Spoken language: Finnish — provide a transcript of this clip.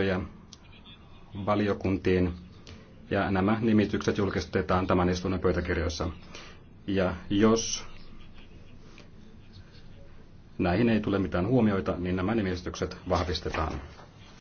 mietintöjä valiokuntiin ja nämä nimitykset julkistetaan tämän istunnon pöytäkirjoissa. Ja jos näihin ei tule mitään huomioita, niin nämä nimitykset vahvistetaan.